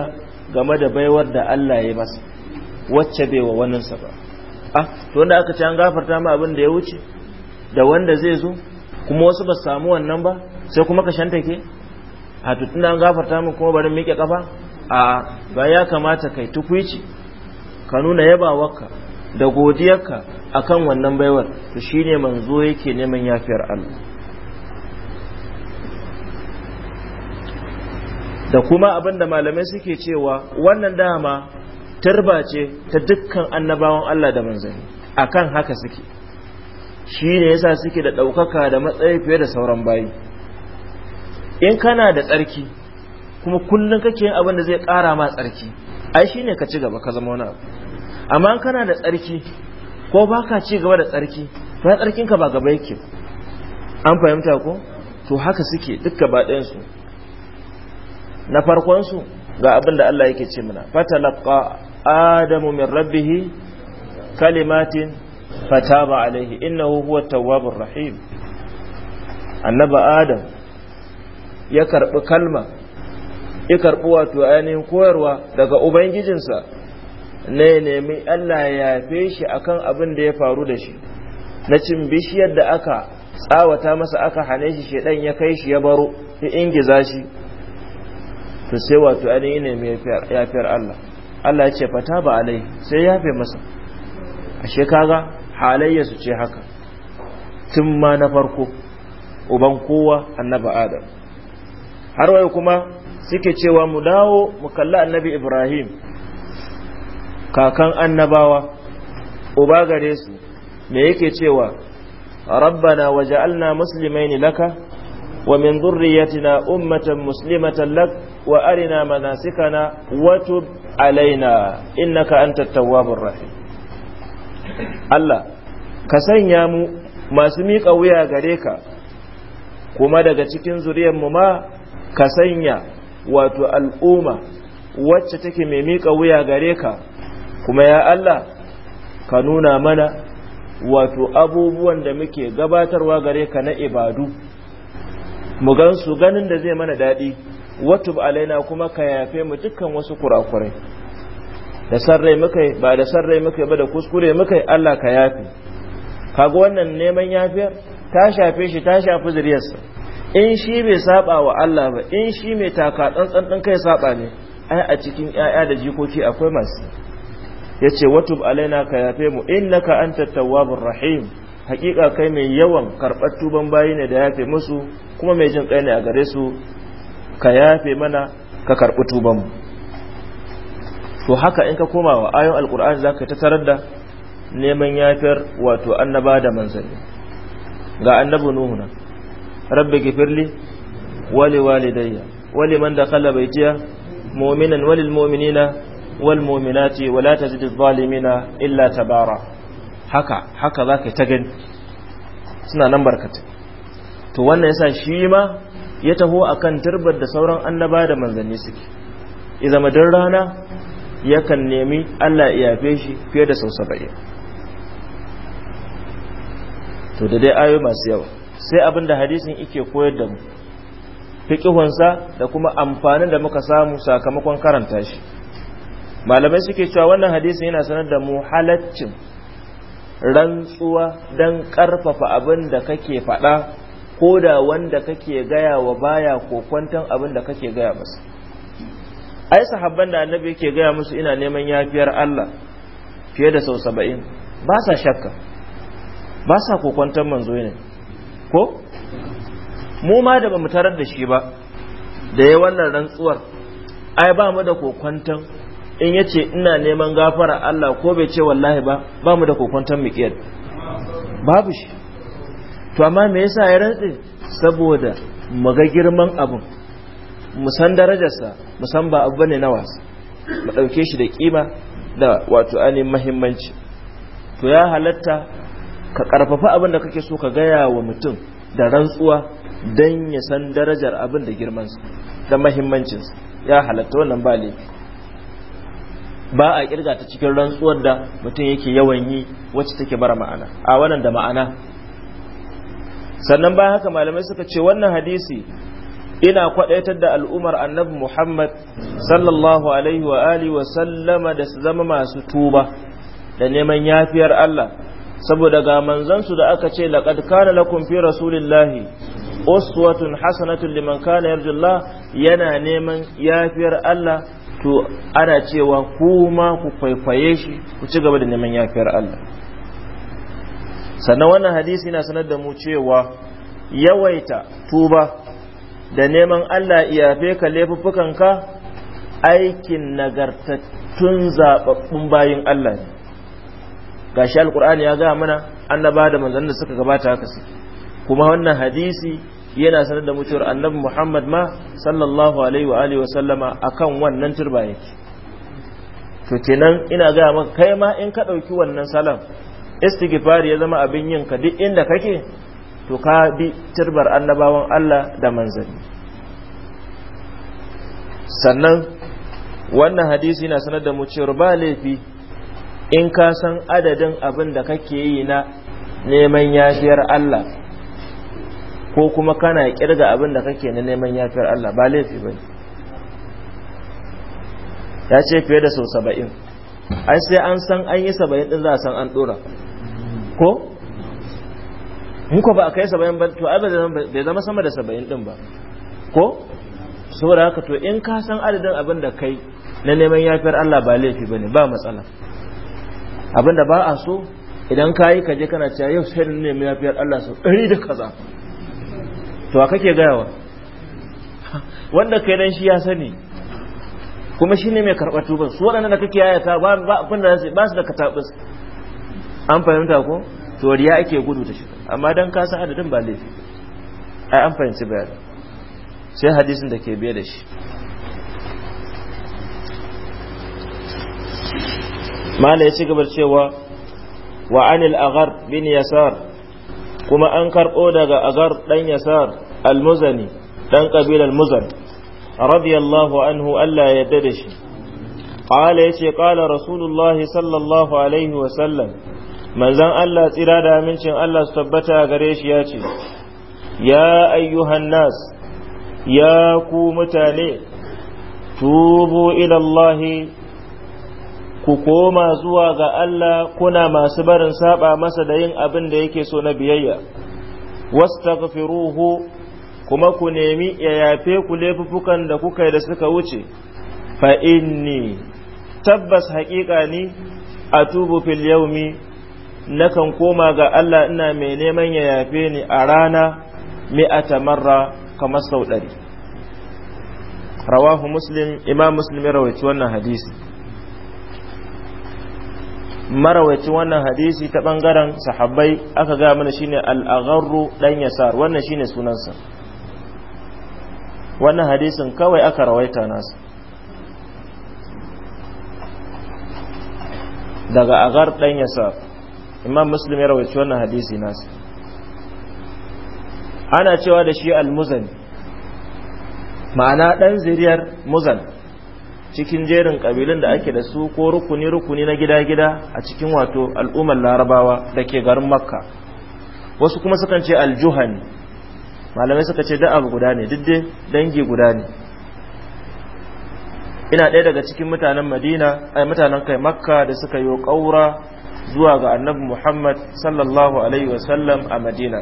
game da baiwar da Allah ya masa wacce bai wa waninsa ba a to wanda aka ce an gafarta ma abin da ya wuce da wanda zai zo kuma wasu ba samu wannan ba sai kuma ka shantake a to tunda an gafarta min kuma bari miƙe kafa a ba ya kamata kai tukuici ka nuna yabawarka da godiyarka akan wannan baiwar to shine manzo yake neman yafiyar Allah da kuma abin da malamai suke cewa wannan dama tarba ce ta dukkan annabawan Allah da manzanni akan haka suke shi ne yasa suke da ɗaukaka da matsayi fiye da sauran bayi in kana da tsarki kuma kullum kake yin abin da zai ƙara ma tsarki ai shi ne ka ci gaba ka zama wani abu amma in kana da tsarki ko ba ka ci gaba da tsarki ba tsarkin ka ba gaba yake an fahimta ko to haka suke duk gaba ɗayansu na farkonsu ga abin da Allah yake ce mana fatalaqa adamu min rabbihi kalimatin fataba alaihi innahu huwa tawwabur rahim annaba adam ya karbi kalma ya karbi wato ainihin koyarwa daga ubangijinsa ne nemi Allah ya yafe shi akan abin da ya faru da shi na cin bishiyar da aka tsawata masa aka hane shi shedan ya kai shi ya baro ya ingiza shi to sai wato ainihin ne mai yafiyar Allah Allah ya ce fata ba alai sai ya fe masa a shekaga halayya su ce haka tun ma na farko uban kowa annaba adam har wai kuma suke cewa mu dawo mu kalli annabi ibrahim kakan annabawa uba gare su me yake cewa rabbana waja'alna muslimaini laka wa min dhurriyyatina ummatan muslimatan lak wa arina manasikana wa tub alaina innaka antat tawwabur rahim Allah ka sanya mu masu miƙa wuya gare ka kuma daga cikin zuriyarmu ma ka sanya wato al'umma wacce take mai miƙa wuya gare ka kuma ya Allah ka nuna mana wato abubuwan da muke gabatarwa gare ka na ibadu mu gan su ganin da zai mana daɗi watub alaina kuma ka yafe mu dukkan wasu kurakurai da sarrai muka ba da sarrai muka ba da kuskure muka Allah ka yafe kaga wannan neman yafiyar ta shafe shi ta shafi zuriyarsa in shi bai saba wa Allah ba in shi mai taka tsantsan din kai saba ne ai a cikin yaya da jikoki akwai masu yace watub alaina ka yafe mu innaka anta tawwabur rahim hakika kai mai yawan karɓar tuban bayi ne da yafe musu kuma mai jin kai ne a gare su ka yafe mana ka karɓi tubanmu to haka in ka koma wa ayon alkur'ani za ka tarar da neman yafiyar wato annaba da manzanni ga annabi nuhu na rabbi gifirli wali walidayya wali man dakhala baytiya mu'minan walil mu'minina wal mu'minati wala tazidiz zalimina illa tabara haka haka zaka ta gani suna nan barkata to wannan yasa shi ma ya taho a kan turbar da sauran annaba da manzanni suke idan madar rana kan nemi Allah ya yafe shi fiye da sau saba'in to da dai ayoyi masu yawa sai abin da hadisin ike koyar da mu fiƙihunsa da kuma amfanin da muka samu sakamakon karanta shi malamai suke cewa wannan hadisin yana sanar da mu halaccin rantsuwa don ƙarfafa abin da kake faɗa ko da wanda kake gaya wa baya kwantan abin da kake gaya masa ai sahabban da annabi yake gaya musu ina neman yafiyar Allah fiye da sau saba'in ba sa shakka ba sa kokwantan manzo ne ko mu ma da bamu tarar da shi ba da ya wannan rantsuwar ai ba mu da kokwantan in yace ina neman gafara Allah ko bai ce wallahi ba ba mu da kokwantan mu babu shi to amma me yasa ya rantse saboda mu girman abun mu san darajarsa mu san ba abu bane na wasa mu dauke shi da kima da wato ani muhimmanci to ya halatta ka karfafa abin da kake so ka gaya wa mutum da rantsuwa don ya san darajar abin da girman sa da sa ya halatta wannan ba laifi ba a kirga ta cikin rantsuwar da mutum yake yawan yi wacce take bara ma'ana a wannan da ma'ana sannan bayan haka malamai suka ce wannan hadisi ina kwadaitar da al'umar annabi Muhammad sallallahu alaihi wa alihi wa sallama da su zama masu tuba da neman yafiyar Allah saboda ga manzon su da aka ce laqad kana lakum fi rasulillahi uswatun hasanatun liman kana yarjullah yana neman yafiyar Allah to ana cewa kuma ku kwaikwaye shi ku ci gaba da neman yafiyar Allah sannan wannan hadisi yana sanar da mu cewa yawaita tuba da neman Allah iyafe ka ka aikin nagartattun zaɓaɓɓun bayin Allah ne gashi alkur'ani ya gaya mana annaba da manzannin da suka gabata haka suke kuma wannan hadisi yana sanar da mutuwar annabi Muhammad ma sallallahu alaihi wa alihi wa sallama akan wannan turba yake to kenan ina gaya maka kai ma in ka ɗauki wannan salam istighfar ya zama abin yin ka duk inda kake to ka bi turbar annabawan Allah da manzanni sannan wannan hadisi na sanar da mu cewa ba laifi in ka san adadin abin da kake yi na neman yafiyar Allah ko kuma kana kirga abin da kake na neman yafiyar Allah ba laifi bane ya ce fiye da sau saba'in ai sai an san an yi saba'in din za a san an dora ko in ko ba a kai saba'in ba to ai bai zama sama da saba'in din ba ko saboda haka to in ka san adadin abin da kai na neman yafiyar Allah ba laifi bane ba matsala abin da ba a so idan ka yi kaje kana cewa yau sai na neman yafiyar Allah sau ɗari da kaza to a kake gayawa wanda kai dan shi ya sani kuma shine mai karɓar tuban su waɗannan da kake yayata ba abin da ba su da katabus an fahimta ko to riya ake gudu ta shiga amma dan ka san adadin ba laifi ai an fahimci bayanin sai hadisin da ke biye da shi mala ya ci gabar cewa wa anil agar bin yasar kuma an karɓo daga agar ɗan yasar almuzani ɗan ƙabilar muzan radiyallahu anhu Allah ya yadda da shi قال يتي قال رسول الله صلى الله عليه وسلم manzon Allah tsira da amincin Allah su tabbata gare shi ya ce ya ayyuhan nas ya ku mutane tubu ilallahi. ku koma zuwa ga Allah kuna masu barin saba masa da yin abin da yake so na biyayya wastaghfiruhu kuma ku nemi ya yafe ku laifukan da kuka da suka wuce fa inni tabbas haƙiƙa ni atubu fil yaumi nakan koma ga Allah ina mai neman ya yafe ni a rana mi'ata marra kamar sau ɗari rawahu muslim imam muslim ya wannan hadisi marawaici wannan hadisi ta ɓangaren sahabbai aka ga mana shine al'agharru ɗan yasar wannan shine sunansa wannan hadisin kawai aka rawaita nasa daga agar ɗan yasar imam muslim ya rawaici wannan hadisi nasu ana cewa da shi al-muzani ma'ana ɗan ziriyar muzan cikin jerin kabilun da ake da su ko rukuni-rukuni na gida-gida a cikin wato al'ummar larabawa da ke garin makka wasu kuma sukan ce aljuhani malamai suka ce da'ab guda ne diddin dangi guda ne ina ɗaya daga cikin mutanen madina ai mutanen kai makka da suka yi ƙaura zuwa ga annabi Muhammad sallallahu alaihi wasallam a Madina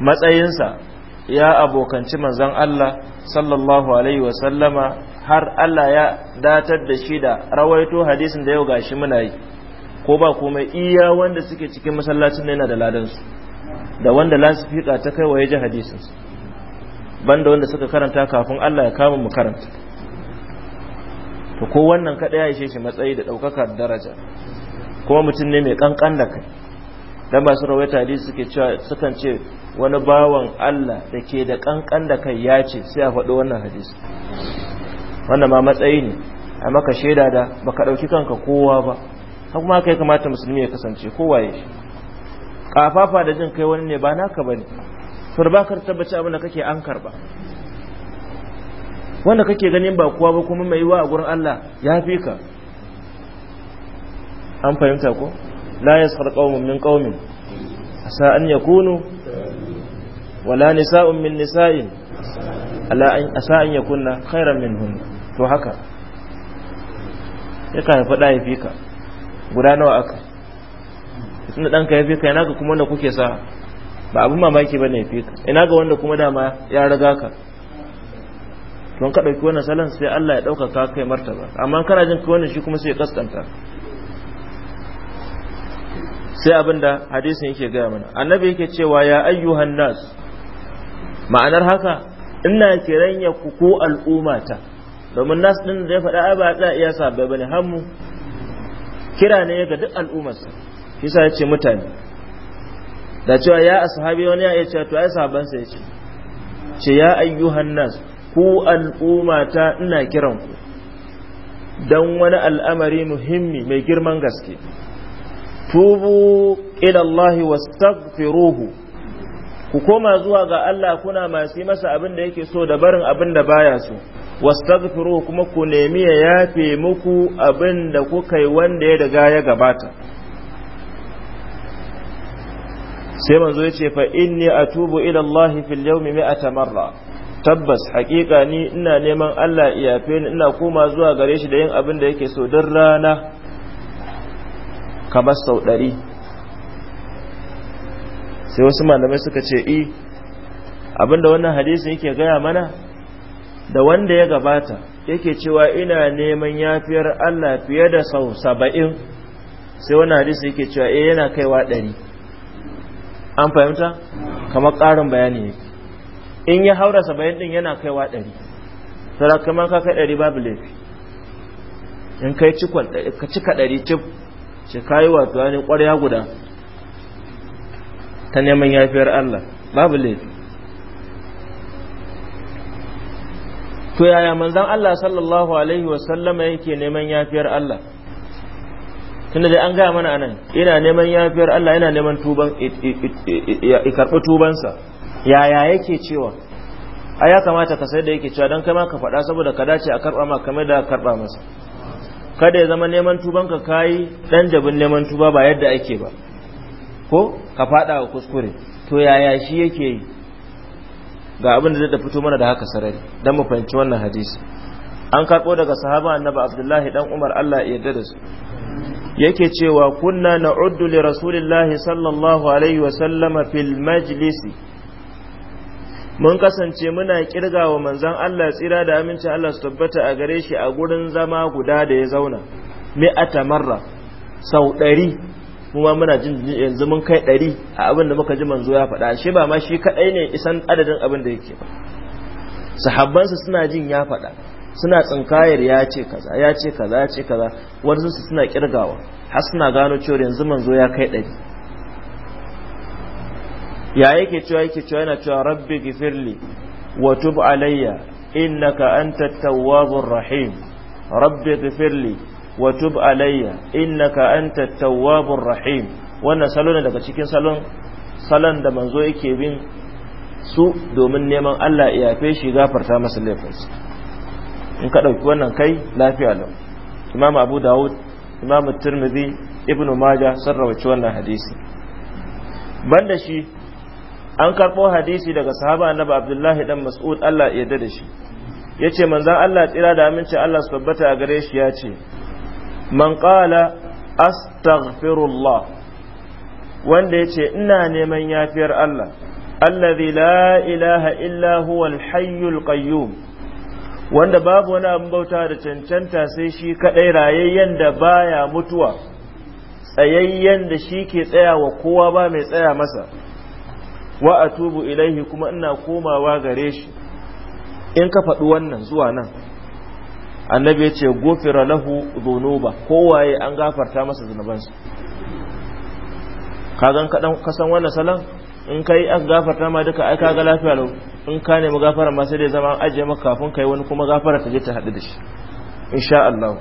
matsayinsa ya abokanci manzon Allah sallallahu alaihi wasallama har Allah ya datar da shi da rawaito hadisin da yau gashi muna yi ko ba komai iya wanda suke cikin masallacin yana da ladansu da wanda lasifika ta kai wa ya ji hadisinsu banda wanda suka karanta kafin Allah ya kama mu karanta to ko wannan kada ya ishe shi matsayi da daukakar daraja kuma mutum ne mai kankan da kai dan ba su rawaita hadisi suke cewa sukan ce wani bawan Allah da ke da kankan da kai ya ce sai a faɗo wannan hadisi wannan ma matsayi ne a maka shaida da baka ɗauki kanka kowa ba kuma kai kamata musulmi ya kasance kowa ya shi kafafa da jin kai wani ne ba naka bane to ba ka tabbaci abin da kake an karba wanda kake ganin ba kowa ba kuma mai yiwa a gurin Allah ya fi ka an fahimta ko la yaskhar qaumun min qaumin asa an yakunu wala nisa'un min nisa'in ala an asa an yakunna khairan minhun to haka ya kai faɗa ya fi ka guda nawa aka tunda dan ka fi ka yana ga kuma wanda kuke sa ba abun mamaki bane fi ka ina ga wanda kuma dama ya riga ka don ka ɗauki wannan salon sai Allah ya ka kai martaba amma kana jin wannan shi kuma sai ya kaskanta sai abinda hadisin yake gaya mana annabi yake cewa ya ayyuhan nas ma'anar haka ina kiran ya ku ko domin nas din da ya faɗa ai ba za iya sabbai bane hammu kira ne ga duk al'ummarsa yasa ya ce mutane da cewa ya ashabi wani ya cewa to ai sahabban ya ce ce ya ayyuhan nas ku al'umma ta ina kiran ku don wani al'amari muhimmi mai girman gaske tubu ilallahi wastaghfiruhu ku koma zuwa ga Allah kuna masu yi masa abin da yake so da barin abin da baya so wastaghfiruhu kuma ku nemi ya yafe muku abin da kuka yi wanda ya daga ya gabata sai manzo ya ce fa inni atubu ilallahi Allah fil yawmi mi'ata marra tabbas hakika ni ina neman Allah iyafe ni ina koma zuwa gare shi da yin abin da yake so don rana kamar sau ɗari sai wasu malamai suka ce e, i da wannan hadisi yake gaya mana da wanda ya gabata yake cewa ina neman yafiyar Allah fiye da sau saba'in sai wannan hadisi yake cewa e yana kaiwa ɗari an fahimta kamar ƙarin bayani yake in ya haura saba'in din yana kaiwa ɗari sara kamar ka kai ɗari babu laifi in kai cikon ka cika ɗari cif ce kayi wato ne ƙwarya guda ta neman yafiyar Allah babu laifi to yaya manzan Allah sallallahu alaihi wasallama yake neman yafiyar Allah tunda dai an gaya mana anan ina neman yafiyar Allah ina neman tuban ya karɓi tubansa yaya yake cewa a ya kamata ka sai da yake cewa don kai ma ka faɗa saboda ka dace a karɓa ma kamar da karɓa masa kada ya zama neman tuban ka kayi dan jabin neman tuba ba yadda ake ba ko ka faɗa wa kuskure to yaya shi yake yi ga abin da zai fito mana da haka sarari don mu fahimci wannan hadisi an karɓo daga sahaba annabi abdullahi dan umar allah ya yarda da su yake cewa kunna na'uddu li rasulillahi sallallahu alaihi wa sallama fil majlisi mun kasance muna kirga wa manzan Allah tsira da amincin Allah su tabbata a gare shi a gurin zama guda da ya zauna mi'ata marra sau ɗari kuma muna jin yanzu mun kai ɗari a abin da muka ji manzo ya faɗa shi ba ma shi kaɗai ne isan adadin abin da yake ba sahabbansa suna jin ya faɗa suna tsinkayar ya ce kaza ya ce kaza ya ce kaza wasu suna kirgawa har suna gano cewa yanzu manzo ya kai ɗari ya yake cewa yake cewa yana cewa rabbi gifirli wa tub alayya innaka antat tawwabur rahim rabbi gifirli wa tub alayya innaka antat tawwabur rahim wannan salon daga cikin salon salon da manzo yake bin su domin neman Allah ya yafe shi gafarta masa laifinsa in ka dauki wannan kai lafiya lau imam abu dawud imam tirmidhi ibnu majah sarrawaci wannan hadisi banda shi an karɓo hadisi daga sahaba annabi abdullahi dan mas'ud Allah ya yarda da shi yace manzon Allah tsira da aminci Allah su tabbata a gare shi yace man qala astaghfirullah wanda yace ina neman yafiyar Allah allazi la ilaha illa huwa al-hayyul qayyum wanda babu wani abin bauta da cancanta sai shi kadai rayayyen da baya mutuwa tsayayyen da shi ke tsayawa kowa ba mai tsaya masa wa atubu ilaihi kuma ina komawa gare shi in ka faɗi wannan zuwa nan annabi ya ce gofira lahu dhunuba kowaye an gafarta masa zunubansa kagan kadan kasan wannan salon in kai an gafarta ma duka ai kaga lafiya lau in ka nemi gafara ma sai dai zama an ajiye maka kafin kai wani kuma gafara ta je ta haɗu da shi insha Allah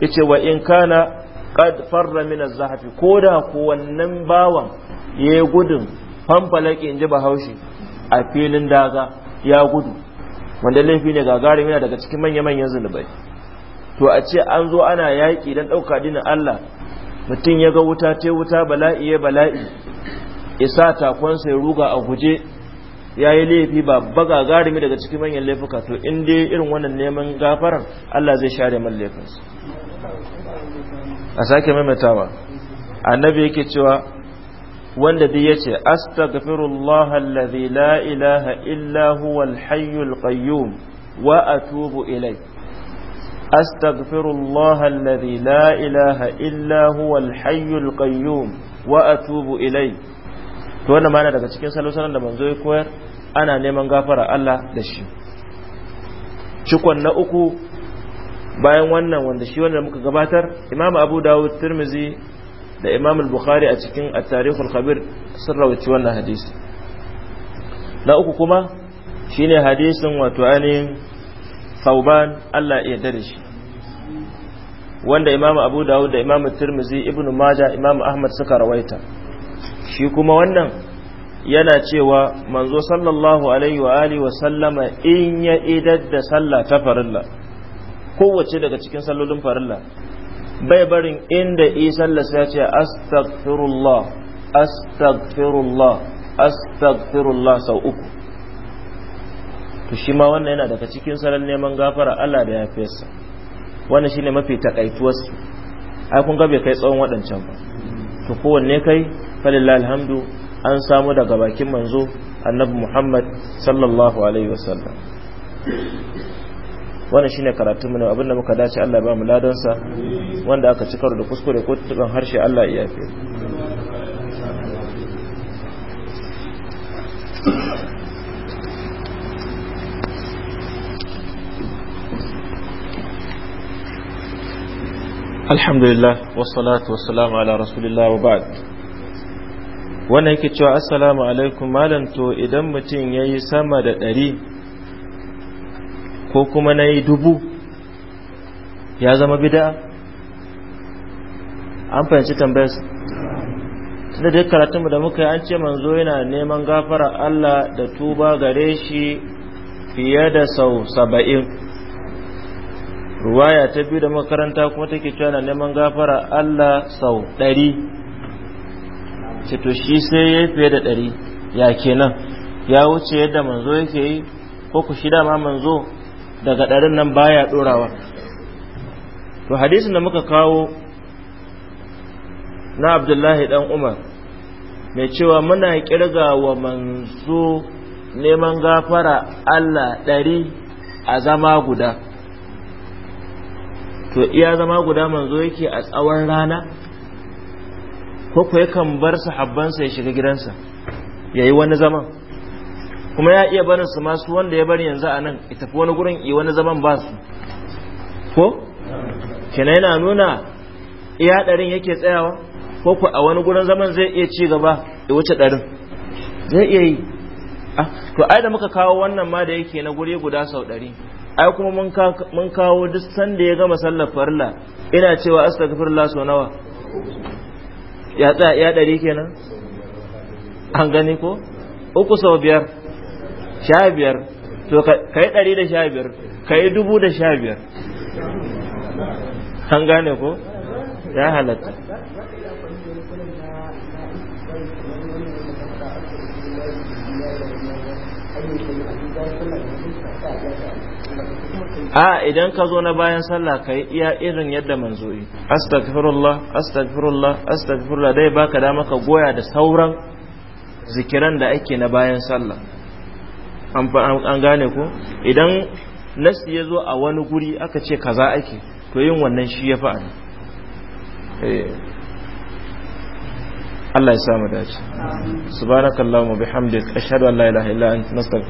yace wa in kana qad farra min az-zahafi koda ko wannan bawan yayi gudun fanfalaki in ji bahaushe a filin daga ya gudu wanda laifi ne gagarin yana daga cikin manya-manyan zunubai to a ce an zo ana yaƙi don ɗauka dinin Allah mutum ya ga wuta ce wuta bala'i ya bala'i isa takonsa ya ruga a guje ya yi laifi ba baga garimi daga cikin manyan laifuka to in dai irin wannan neman gafaran Allah zai share man laifinsa a sake maimaitawa annabi yake cewa wanda duk yace astaghfirullah alladhi la ilaha illa huwa al-hayyul qayyum wa atubu ilay astaghfirullah alladhi la ilaha illa huwa al-hayyul qayyum wa atubu ilay to wannan mana daga cikin salosalan da manzo ya koyar ana neman gafara Allah da shi cikon na uku bayan wannan wanda shi wanda muka gabatar imam abu dawud tirmizi da imam al-bukhari a cikin at al khabir sun rawaci wannan hadisi na uku kuma shine hadisin wato Ani, sauban Allah ya dare shi wanda imam abu dawud da imam tirmizi ibn majah imam ahmad suka rawaita shi kuma wannan yana cewa manzo sallallahu alaihi wa alihi wa sallama in ya idar da sallah ta farilla kowace daga cikin sallolin farilla bai barin inda isallas ya ce astagfirullah astagfirullah astagfirullah sau uku to shi ma wannan yana daga cikin salon neman gafara Allah da ya yafiyarsa wannan shine mafi takaituwarsu ai kun ga kai tsawon waɗancan ba to kowanne kai falilla alhamdu an samu daga bakin manzo annabi Muhammad sallallahu alaihi wasallam wannan shine karatu mu abin da muka dace Allah ba mu ladan sa wanda aka cikar da kuskure ko tuban harshe Allah ya yafe Alhamdulillah wassalatu wassalamu ala rasulillah wa ba'd wannan yake cewa assalamu alaikum malam to idan mutum yayi sama da ɗari ko kuma na yi dubu ya zama bida an fahimci tambayar da duk karatunmu da muka yi an ce manzo yana neman gafara Allah da tuba gare shi fiye da sau saba'in ruwaya ta biyu da makaranta kuma take cewa na neman gafara Allah sau ɗari to shi sai ya fiye da ɗari ya kenan ya wuce yadda manzo yake yi ko ku shida ma manzo daga ɗarin nan baya ɗorawa to hadisin da muka kawo na abdullahi ɗan umar mai cewa muna ƙirga wa manzo neman gafara allah ɗari a zama guda to iya zama guda manzo yake a tsawon rana ko kuwa yakan bar sahabbansa ya shiga gidansa ya yi wani zaman kuma ya iya barin su masu wanda ya bari yanzu a nan ya tafi wani gurin yi wani zaman ba su ko kenan yana nuna iya ɗarin yake tsayawa ko ku a wani gurin zaman zai iya ci gaba ya wuce ɗarin zai iya yi ah, to ai da muka kawo wannan ma da yake na guri guda sau ɗari ai kuma mun kawo duk sanda ya gama sallar farla ina cewa astaghfirullah sau nawa ya tsaya ya ɗari kenan an gani ko uku sau biyar sha biyar to ka yi ɗari da sha biyar ka yi dubu da sha biyar an gane ko ya halatta a idan ka zo na bayan sallah ka yi iya irin yadda manzo yi astaghfirullah astaghfirullah astaghfirullah dai baka da maka goya da sauran zikiran da ake na bayan sallah an gane ko idan nasi ya zo a wani guri aka ce kaza ake to yin wannan shi ya fa'a eh. Allah ya samu dace subhanakallahumma bihamdika ashhadu an la ilaha illa anta